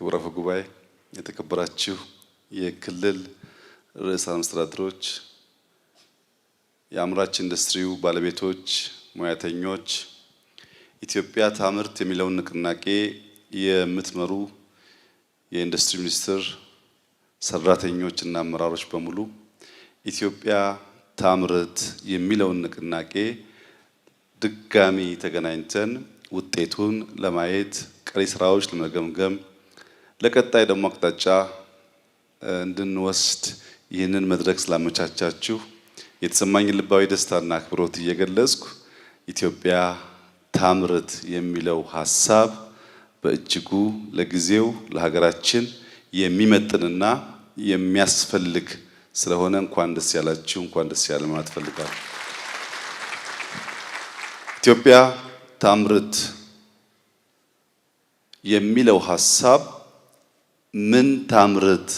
ክቡር አፈ ጉባኤ፣ የተከበራችሁ የክልል ርዕሰ መስተዳድሮች፣ የአምራች ኢንዱስትሪው ባለቤቶች፣ ሙያተኞች፣ ኢትዮጵያ ታምርት የሚለውን ንቅናቄ የምትመሩ የኢንዱስትሪ ሚኒስቴር ሰራተኞች እና አመራሮች በሙሉ ኢትዮጵያ ታምርት የሚለውን ንቅናቄ ድጋሚ ተገናኝተን ውጤቱን ለማየት ቀሪ ስራዎች ለመገምገም ለቀጣይ ደግሞ አቅጣጫ እንድንወስድ ይህንን መድረክ ስላመቻቻችሁ የተሰማኝ ልባዊ ደስታና አክብሮት እየገለጽኩ ኢትዮጵያ ታምርት የሚለው ሀሳብ በእጅጉ ለጊዜው ለሀገራችን የሚመጥንና የሚያስፈልግ ስለሆነ እንኳን ደስ ያላችሁ፣ እንኳን ደስ ያለ ማለት እፈልጋለሁ። ኢትዮጵያ ታምርት የሚለው ሀሳብ ምን ታምርት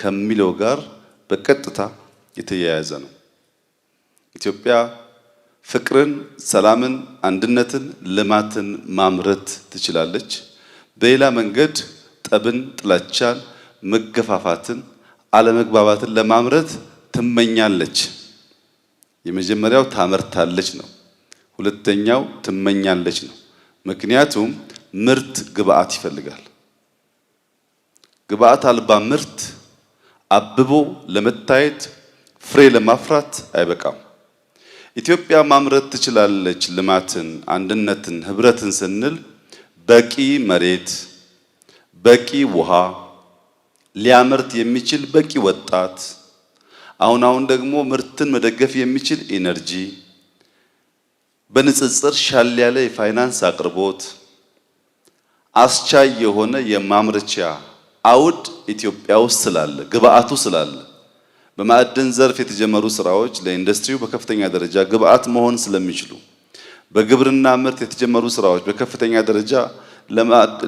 ከሚለው ጋር በቀጥታ የተያያዘ ነው። ኢትዮጵያ ፍቅርን፣ ሰላምን፣ አንድነትን፣ ልማትን ማምረት ትችላለች። በሌላ መንገድ ጠብን፣ ጥላቻን፣ መገፋፋትን፣ አለመግባባትን ለማምረት ትመኛለች። የመጀመሪያው ታመርታለች ነው። ሁለተኛው ትመኛለች ነው። ምክንያቱም ምርት ግብአት ይፈልጋል። ግብአት አልባ ምርት አብቦ ለመታየት ፍሬ ለማፍራት አይበቃም። ኢትዮጵያ ማምረት ትችላለች። ልማትን፣ አንድነትን፣ ህብረትን ስንል በቂ መሬት፣ በቂ ውሃ፣ ሊያመርት የሚችል በቂ ወጣት፣ አሁን አሁን ደግሞ ምርትን መደገፍ የሚችል ኢነርጂ፣ በንጽጽር ሻል ያለ የፋይናንስ አቅርቦት፣ አስቻይ የሆነ የማምረቻ አውድ ኢትዮጵያ ውስጥ ስላለ ግብአቱ ስላለ በማዕድን ዘርፍ የተጀመሩ ስራዎች ለኢንዱስትሪው በከፍተኛ ደረጃ ግብአት መሆን ስለሚችሉ በግብርና ምርት የተጀመሩ ስራዎች በከፍተኛ ደረጃ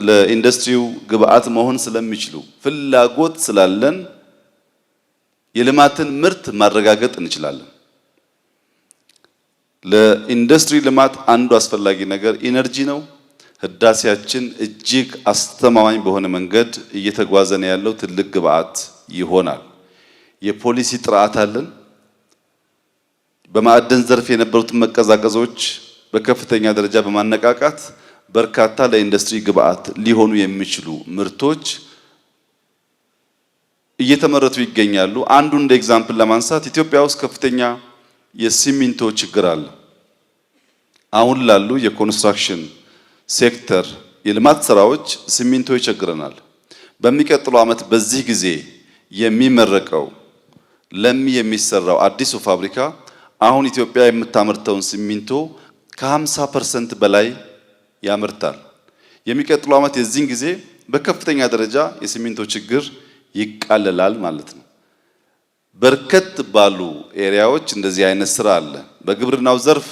ለኢንዱስትሪው ግብአት መሆን ስለሚችሉ ፍላጎት ስላለን የልማትን ምርት ማረጋገጥ እንችላለን። ለኢንዱስትሪ ልማት አንዱ አስፈላጊ ነገር ኢነርጂ ነው። ህዳሴያችን እጅግ አስተማማኝ በሆነ መንገድ እየተጓዘነ ያለው ትልቅ ግብአት ይሆናል። የፖሊሲ ጥራት አለን። በማዕደን ዘርፍ የነበሩትን መቀዛቀዞች በከፍተኛ ደረጃ በማነቃቃት በርካታ ለኢንዱስትሪ ግብአት ሊሆኑ የሚችሉ ምርቶች እየተመረቱ ይገኛሉ። አንዱ እንደ ኤግዛምፕል ለማንሳት ኢትዮጵያ ውስጥ ከፍተኛ የሲሚንቶ ችግር አለ። አሁን ላሉ የኮንስትራክሽን ሴክተር የልማት ስራዎች ሲሚንቶ ይቸግረናል። በሚቀጥለው ዓመት በዚህ ጊዜ የሚመረቀው ለሚ የሚሰራው አዲሱ ፋብሪካ አሁን ኢትዮጵያ የምታመርተውን ሲሚንቶ ከ50 ፐርሰንት በላይ ያመርታል። የሚቀጥለው ዓመት የዚህን ጊዜ በከፍተኛ ደረጃ የሲሚንቶ ችግር ይቃለላል ማለት ነው። በርከት ባሉ ኤሪያዎች እንደዚህ አይነት ስራ አለ። በግብርናው ዘርፍ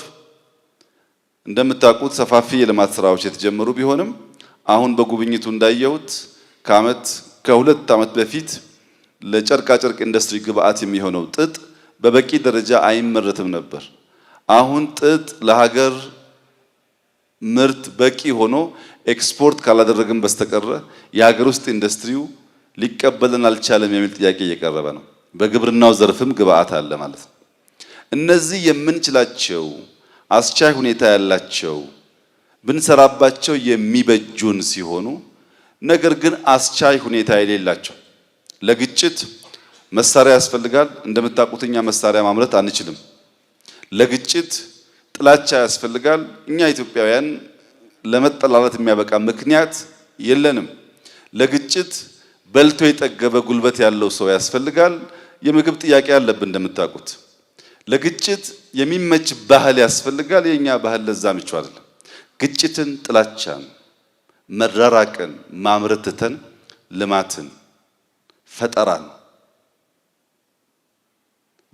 እንደምታውቁት ሰፋፊ የልማት ስራዎች የተጀመሩ ቢሆንም አሁን በጉብኝቱ እንዳየሁት ከአመት ከሁለት ዓመት በፊት ለጨርቃ ጨርቅ ኢንዱስትሪ ግብአት የሚሆነው ጥጥ በበቂ ደረጃ አይመረትም ነበር። አሁን ጥጥ ለሀገር ምርት በቂ ሆኖ ኤክስፖርት ካላደረግን በስተቀረ የሀገር ውስጥ ኢንዱስትሪው ሊቀበልን አልቻለም የሚል ጥያቄ እየቀረበ ነው። በግብርናው ዘርፍም ግብአት አለ ማለት ነው። እነዚህ የምንችላቸው አስቻይ ሁኔታ ያላቸው ብንሰራባቸው የሚበጁን ሲሆኑ ነገር ግን አስቻይ ሁኔታ የሌላቸው ለግጭት መሳሪያ ያስፈልጋል። እንደምታውቁት እኛ መሳሪያ ማምረት አንችልም። ለግጭት ጥላቻ ያስፈልጋል። እኛ ኢትዮጵያውያን ለመጠላላት የሚያበቃ ምክንያት የለንም። ለግጭት በልቶ የጠገበ ጉልበት ያለው ሰው ያስፈልጋል። የምግብ ጥያቄ አለብን እንደምታውቁት ለግጭት የሚመች ባህል ያስፈልጋል። የኛ ባህል ለዛ ምቹ አይደለም። ግጭትን፣ ጥላቻን፣ መራራቅን ማምረት ትተን ልማትን፣ ፈጠራን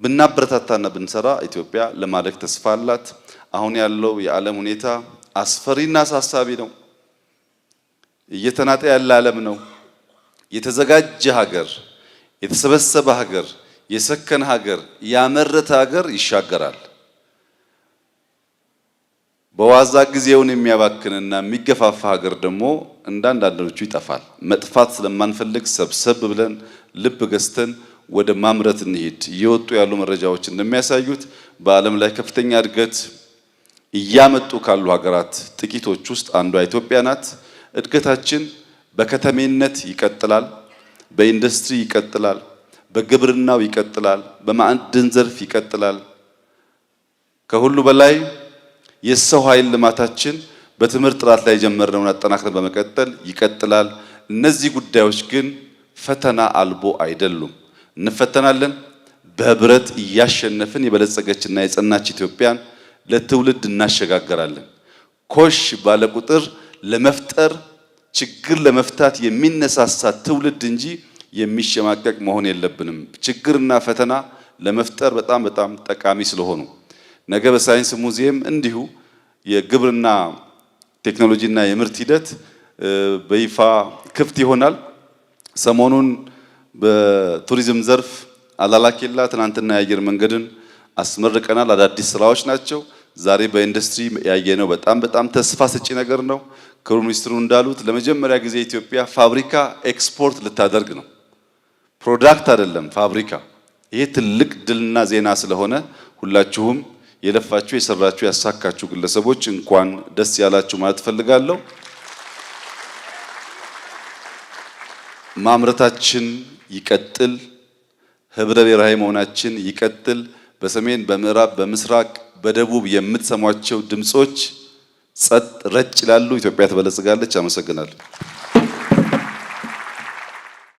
ብናበረታታና ብንሰራ ኢትዮጵያ ለማደግ ተስፋ አላት። አሁን ያለው የዓለም ሁኔታ አስፈሪና አሳሳቢ ነው። እየተናጠ ያለ ዓለም ነው። የተዘጋጀ ሀገር፣ የተሰበሰበ ሀገር የሰከነ ሀገር ያመረተ ሀገር ይሻገራል። በዋዛ ጊዜውን የሚያባክንና የሚገፋፋ ሀገር ደግሞ እንዳንዳንዶቹ ይጠፋል። መጥፋት ስለማንፈልግ ሰብሰብ ብለን ልብ ገዝተን ወደ ማምረት እንሄድ እየወጡ ያሉ መረጃዎች እንደሚያሳዩት በዓለም ላይ ከፍተኛ እድገት እያመጡ ካሉ ሀገራት ጥቂቶች ውስጥ አንዷ ኢትዮጵያ ናት። እድገታችን በከተሜነት ይቀጥላል፣ በኢንዱስትሪ ይቀጥላል። በግብርናው ይቀጥላል፣ በማዕድን ዘርፍ ይቀጥላል። ከሁሉ በላይ የሰው ኃይል ልማታችን በትምህርት ጥራት ላይ የጀመርነውን አጠናክረን በመቀጠል ይቀጥላል። እነዚህ ጉዳዮች ግን ፈተና አልቦ አይደሉም። እንፈተናለን። በህብረት እያሸነፍን የበለጸገችና የጸናች ኢትዮጵያን ለትውልድ እናሸጋግራለን። ኮሽ ባለ ቁጥር ለመፍጠር ችግር ለመፍታት የሚነሳሳ ትውልድ እንጂ የሚሸማቀቅ መሆን የለብንም። ችግርና ፈተና ለመፍጠር በጣም በጣም ጠቃሚ ስለሆኑ ነገ በሳይንስ ሙዚየም እንዲሁ የግብርና ቴክኖሎጂና የምርት ሂደት በይፋ ክፍት ይሆናል። ሰሞኑን በቱሪዝም ዘርፍ አላላኬላ ትናንትና የአየር መንገድን አስመርቀናል። አዳዲስ ስራዎች ናቸው። ዛሬ በኢንዱስትሪ ያየነው በጣም በጣም ተስፋ ሰጪ ነገር ነው። ክቡር ሚኒስትሩ እንዳሉት ለመጀመሪያ ጊዜ ኢትዮጵያ ፋብሪካ ኤክስፖርት ልታደርግ ነው። ፕሮዳክት አይደለም ፋብሪካ። ይሄ ትልቅ ድልና ዜና ስለሆነ ሁላችሁም የለፋችሁ የሰራችሁ ያሳካችሁ ግለሰቦች እንኳን ደስ ያላችሁ ማለት ፈልጋለሁ። ማምረታችን ይቀጥል፣ ህብረ ብሔራዊ መሆናችን ይቀጥል። በሰሜን በምዕራብ በምስራቅ በደቡብ የምትሰሟቸው ድምጾች ጸጥ ረጭ ይላሉ። ኢትዮጵያ ትበለጽጋለች። አመሰግናለሁ።